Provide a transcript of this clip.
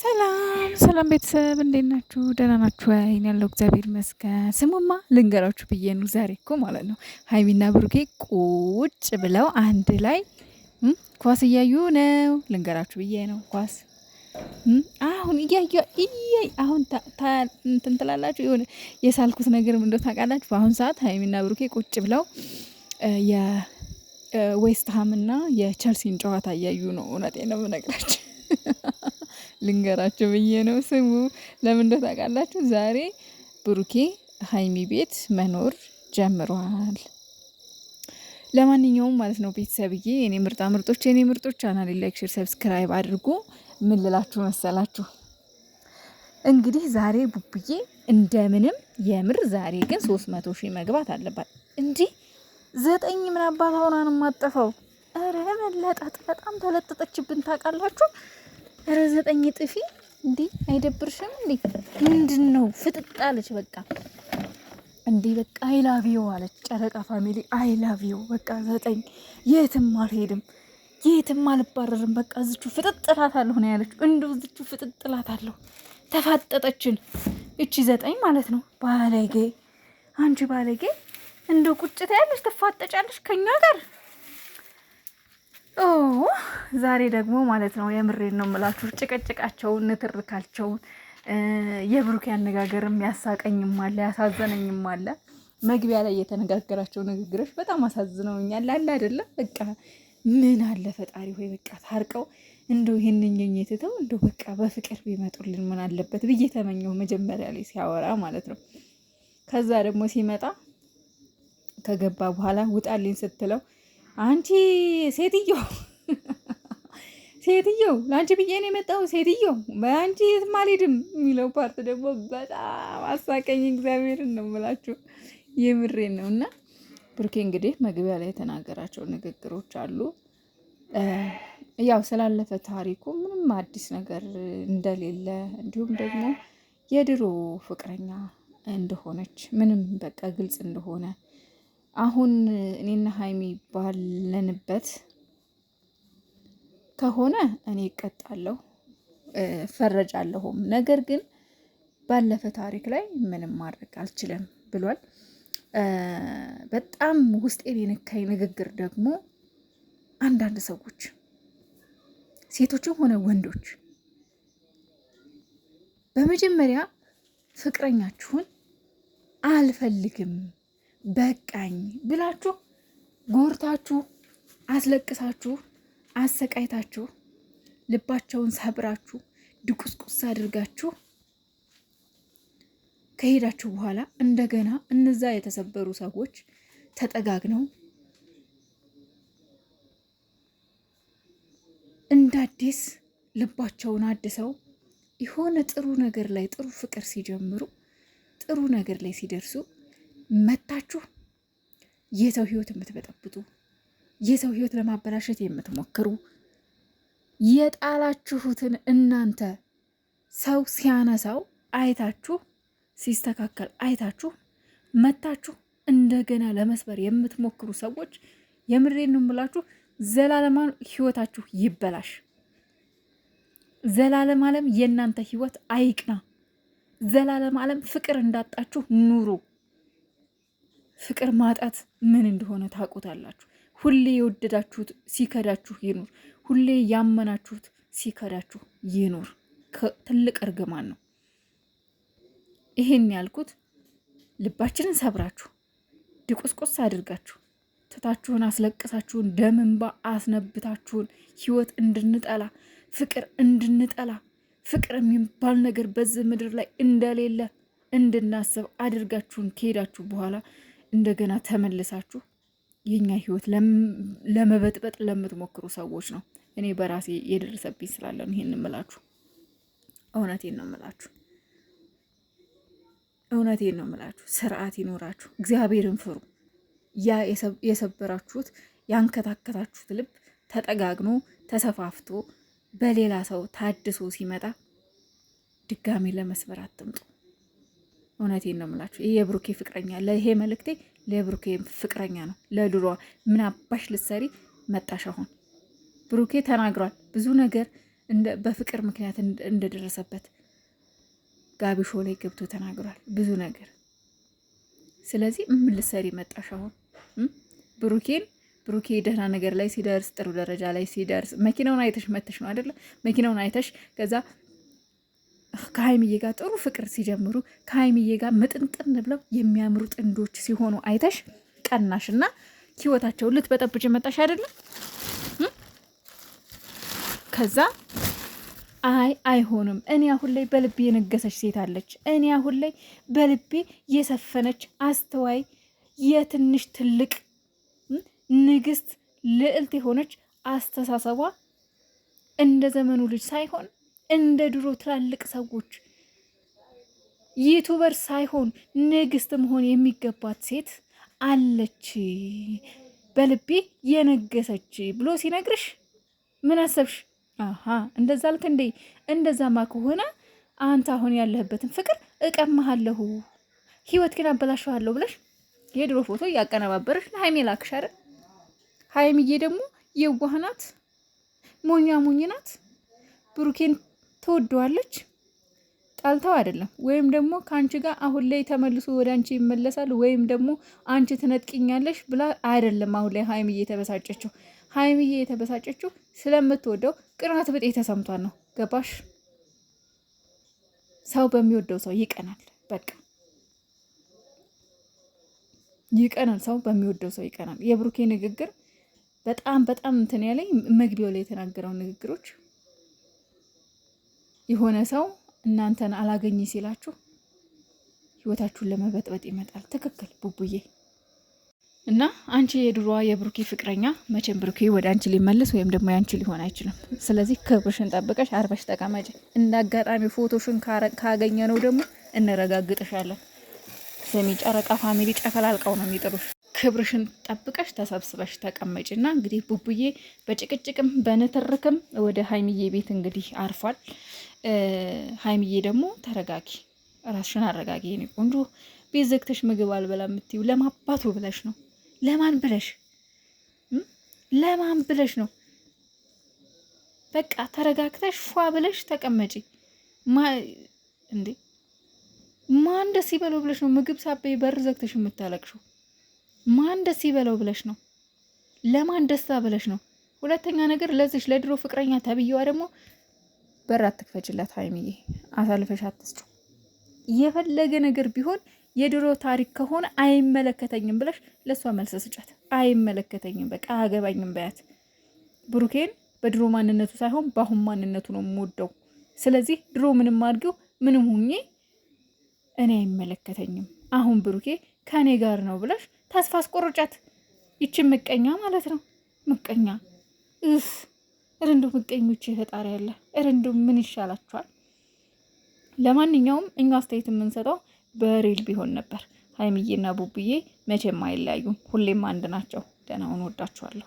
ሰላም ሰላም ቤተሰብ እንዴት ናችሁ? ደህና ናችሁ? አይን ያለው እግዚአብሔር ይመስገን። ስሙማ ልንገራችሁ ብዬ ነው ዛሬ እኮ ማለት ነው ሀይሚና ብሩኬ ቁጭ ብለው አንድ ላይ ኳስ እያዩ ነው። ልንገራችሁ ብዬ ነው ኳስ አሁን እያዩ አሁን እንትን ትላላችሁ። የሆነ የሳልኩት ነገር ምንደ እንደው ታውቃላችሁ። በአሁን ሰዓት ሀይሚና ብሩኬ ቁጭ ብለው የዌስትሃምና የቸልሲን ጨዋታ እያዩ ነው። እውነቴን ነው የምነግራችሁ ልንገራቸው ብዬ ነው። ስሙ ለምን እንደ ታውቃላችሁ? ዛሬ ብሩኬ ሀይሚ ቤት መኖር ጀምሯል። ለማንኛውም ማለት ነው ቤተሰብዬ፣ የኔ ምርጣ ምርጦች፣ የኔ ምርጦች ቻናል ላይክ፣ ሼር፣ ሰብስክራይብ አድርጉ። ምን ልላችሁ መሰላችሁ እንግዲህ ዛሬ ቡብዬ እንደምንም የምር ዛሬ ግን ሶስት መቶ ሺህ መግባት አለባት እንጂ ዘጠኝ ምን አባት ሆኗን ማጠፈው። ኧረ መለጠጥ በጣም ተለጠጠችብን ታውቃላችሁ። ኧረ ዘጠኝ ጥፊ እንዴ አይደብርሽም እንዴ ምንድን ነው ፍጥጥ አለች በቃ እንዴ በቃ ዩ አለች ጨረቃ ፋሚሊ ዩ በቃ ዘጠኝ የትም አልሄድም የትም አልባረርም በቃ እዚቹ ፍጥጥ አለሁ ነው ያለችው እንደው እዚቹ ፍጥጥላት አለሁ ተፋጠጠችን እቺ ዘጠኝ ማለት ነው ባለጌ አንቺ ባለጌ እንደው ቁጭት ያለሽ ትፋጠጫለሽ ከኛ ጋር ዛሬ ደግሞ ማለት ነው የምሬን ነው የምላችሁ፣ ጭቅጭቃቸውን፣ ንትርካቸውን የብሩኬ አነጋገርም ያሳቀኝም አለ ያሳዘነኝም አለ። መግቢያ ላይ የተነጋገራቸው ንግግሮች በጣም አሳዝነውኛል። አለ አይደለም በቃ ምን አለ ፈጣሪ ሆይ በቃ ታርቀው እንደ ይህንኝኝ የትተው እንደው በቃ በፍቅር ቢመጡልን ምን አለበት ብዬ ተመኘው መጀመሪያ ላይ ሲያወራ ማለት ነው። ከዛ ደግሞ ሲመጣ ከገባ በኋላ ውጣልኝ ስትለው አንቺ ሴትዮ ሴትዮ ለአንቺ ብዬ የመጣው። ሴትዮ በአንቺ የትም አልሄድም የሚለው ፓርት ደግሞ በጣም አሳቀኝ። እግዚአብሔርን ነው የምላችሁ፣ የምሬን ነው። እና ብሩኬ እንግዲህ መግቢያ ላይ የተናገራቸው ንግግሮች አሉ። ያው ስላለፈ ታሪኩ ምንም አዲስ ነገር እንደሌለ እንዲሁም ደግሞ የድሮ ፍቅረኛ እንደሆነች ምንም በቃ ግልጽ እንደሆነ አሁን እኔና ሀይሚ ባለንበት ከሆነ እኔ እቀጣለሁ እፈረጃለሁም። ነገር ግን ባለፈ ታሪክ ላይ ምንም ማድረግ አልችልም ብሏል። በጣም ውስጤን የነካኝ ንግግር ደግሞ አንዳንድ ሰዎች ሴቶችም ሆነ ወንዶች በመጀመሪያ ፍቅረኛችሁን አልፈልግም በቃኝ ብላችሁ ጎርታችሁ አስለቅሳችሁ አሰቃይታችሁ ልባቸውን ሰብራችሁ ድቁስቁስ አድርጋችሁ ከሄዳችሁ በኋላ እንደገና እነዛ የተሰበሩ ሰዎች ተጠጋግነው እንዳዲስ ልባቸውን አድሰው የሆነ ጥሩ ነገር ላይ ጥሩ ፍቅር ሲጀምሩ ጥሩ ነገር ላይ ሲደርሱ መታችሁ የሰው ህይወት የምትበጠብጡ የሰው ህይወት ለማበላሸት የምትሞክሩ የጣላችሁትን እናንተ ሰው ሲያነሳው አይታችሁ ሲስተካከል አይታችሁ መታችሁ እንደገና ለመስበር የምትሞክሩ ሰዎች የምሬን ነው የምላችሁ። ዘላለማን ህይወታችሁ ይበላሽ። ዘላለም ዓለም የእናንተ ህይወት አይቅና። ዘላለም ዓለም ፍቅር እንዳጣችሁ ኑሩ። ፍቅር ማጣት ምን እንደሆነ ታውቁታላችሁ። ሁሌ የወደዳችሁት ሲከዳችሁ ይኑር። ሁሌ ያመናችሁት ሲከዳችሁ ይኑር። ትልቅ እርግማን ነው። ይሄን ያልኩት ልባችንን ሰብራችሁ ድቁስቁስ አድርጋችሁ ትታችሁን አስለቅሳችሁን ደም እንባ አስነብታችሁን ህይወት እንድንጠላ ፍቅር እንድንጠላ ፍቅር የሚባል ነገር በዚህ ምድር ላይ እንደሌለ እንድናስብ አድርጋችሁን ከሄዳችሁ በኋላ እንደገና ተመልሳችሁ የኛ ህይወት ለመበጥበጥ ለምትሞክሩ ሰዎች ነው። እኔ በራሴ የደረሰብኝ ስላለን ይሄን እምላችሁ፣ እውነቴን ነው እምላችሁ፣ እውነቴን ነው እምላችሁ። ስርዓት ይኖራችሁ፣ እግዚአብሔርን ፍሩ። ያ የሰበራችሁት ያንከታከታችሁት ልብ ተጠጋግኖ ተሰፋፍቶ በሌላ ሰው ታድሶ ሲመጣ ድጋሜ ለመስበር አትምጡ። እውነቴን ነው የምላችሁ። ይህ የብሩኬ ፍቅረኛ ለይሄ መልእክቴ ለብሩኬ ፍቅረኛ ነው። ለድሮ ምን አባሽ ልትሰሪ መጣሽ? አሁን ብሩኬ ተናግሯል ብዙ ነገር በፍቅር ምክንያት እንደደረሰበት ጋቢሾ ላይ ገብቶ ተናግሯል ብዙ ነገር። ስለዚህ ምን ልትሰሪ መጣሽ? አሁን ብሩኬን ብሩኬ ደህና ነገር ላይ ሲደርስ ጥሩ ደረጃ ላይ ሲደርስ መኪናውን አይተሽ መተሽ ነው አይደለ? መኪናውን አይተሽ ከዛ ከሀይሚዬ ጋር ጥሩ ፍቅር ሲጀምሩ ከሀይሚዬ ጋር ምጥንጥን ብለው የሚያምሩ ጥንዶች ሲሆኑ አይተሽ ቀናሽ እና ህይወታቸውን ልትበጠብጭ መጣሽ አይደለም። ከዛ አይ አይሆንም፣ እኔ አሁን ላይ በልቤ የነገሰች ሴት አለች። እኔ አሁን ላይ በልቤ የሰፈነች አስተዋይ፣ የትንሽ ትልቅ ንግስት፣ ልዕልት የሆነች አስተሳሰቧ እንደ ዘመኑ ልጅ ሳይሆን እንደ ድሮ ትላልቅ ሰዎች ዩቱበር ሳይሆን ንግስት መሆን የሚገባት ሴት አለች በልቤ የነገሰች ብሎ ሲነግርሽ ምን አሰብሽ? አሀ እንደዛ አልክ እንዴ? እንደዛማ ከሆነ አንተ አሁን ያለህበትን ፍቅር እቀማሃለሁ፣ ህይወት ግን አበላሸዋለሁ ብለሽ የድሮ ፎቶ እያቀነባበረሽ ለሀይሜ ላክሽ አይደል? ሀይምዬ ደግሞ የዋህናት ናት፣ ሞኛ ሞኝ ናት። ብሩኬን ትወደዋለች። ጠልተው አይደለም። ወይም ደግሞ ከአንቺ ጋር አሁን ላይ ተመልሶ ወደ አንቺ ይመለሳል ወይም ደግሞ አንቺ ትነጥቅኛለሽ ብላ አይደለም። አሁን ላይ ሀይምዬ የተበሳጨችው ሀይምዬ የተበሳጨችው ስለምትወደው ቅናት ብጤ ተሰምቷል ነው። ገባሽ? ሰው በሚወደው ሰው ይቀናል። በቃ ይቀናል። ሰው በሚወደው ሰው ይቀናል። የብሩኬ ንግግር በጣም በጣም እንትን ያለኝ መግቢያው ላይ የተናገረው ንግግሮች የሆነ ሰው እናንተን አላገኝ ሲላችሁ ህይወታችሁን ለመበጥበጥ ይመጣል። ትክክል ቡቡዬ። እና አንቺ የድሮዋ የብሩኬ ፍቅረኛ መቼም ብሩኬ ወደ አንቺ ሊመልስ ወይም ደግሞ ያንቺ ሊሆን አይችልም። ስለዚህ ክብርሽን ጠብቀሽ አርበሽ ተቀመጭ። እንደ አጋጣሚ ፎቶሽን ካገኘ ነው ደግሞ እንረጋግጥሻለን። ስሚ ጨረቃ ፋሚሊ ጨፈላልቀው ነው የሚጥሩሽ። ክብርሽን ጠብቀሽ ተሰብስበሽ ተቀመጭና እንግዲህ ቡቡዬ በጭቅጭቅም በንትርክም ወደ ሀይሚዬ ቤት እንግዲህ አርፏል። ሀይሚዬ ደግሞ ተረጋጊ፣ ራስሽን አረጋጊ ኔ ቆንጆ። ቤት ዘግተሽ ምግብ አልበላ የምትይው ለማባቱ ብለሽ ነው? ለማን ብለሽ ለማን ብለሽ ነው? በቃ ተረጋግተሽ ፏ ብለሽ ተቀመጪ። ማ እንዴ ማን ደስ ይበለው ብለሽ ነው ምግብ ሳበይ በር ዘግተሽ የምታለቅሽው? ማን ደስ ይበለው ብለሽ ነው? ለማን ደስታ ብለሽ ነው? ሁለተኛ ነገር ለዚሽ ለድሮ ፍቅረኛ ተብዬዋ ደግሞ በር አትክፈችላት ሀይሚዬ፣ አሳልፈሽ አትስጩ። የፈለገ ነገር ቢሆን የድሮ ታሪክ ከሆነ አይመለከተኝም ብለሽ ለእሷ መልስ ስጫት። አይመለከተኝም በቃ አገባኝም በያት። ብሩኬን በድሮ ማንነቱ ሳይሆን በአሁን ማንነቱ ነው የምወደው። ስለዚህ ድሮ ምንም አድርጊው ምንም ሁኜ እኔ አይመለከተኝም፣ አሁን ብሩኬ ከእኔ ጋር ነው ብለሽ ተስፋ አስቆርጫት ይቺ ምቀኛ ማለት ነው። ምቀኛ እስ እርንዱ ምቀኞች የፈጣሪ ያለ እርንዱ ምን ይሻላችኋል? ለማንኛውም እኛ አስተያየት የምንሰጠው በሬል ቢሆን ነበር። ሀይምዬና ቡቡዬ መቼም አይለያዩም፣ ሁሌም አንድ ናቸው። ደህና ወዳችኋለሁ።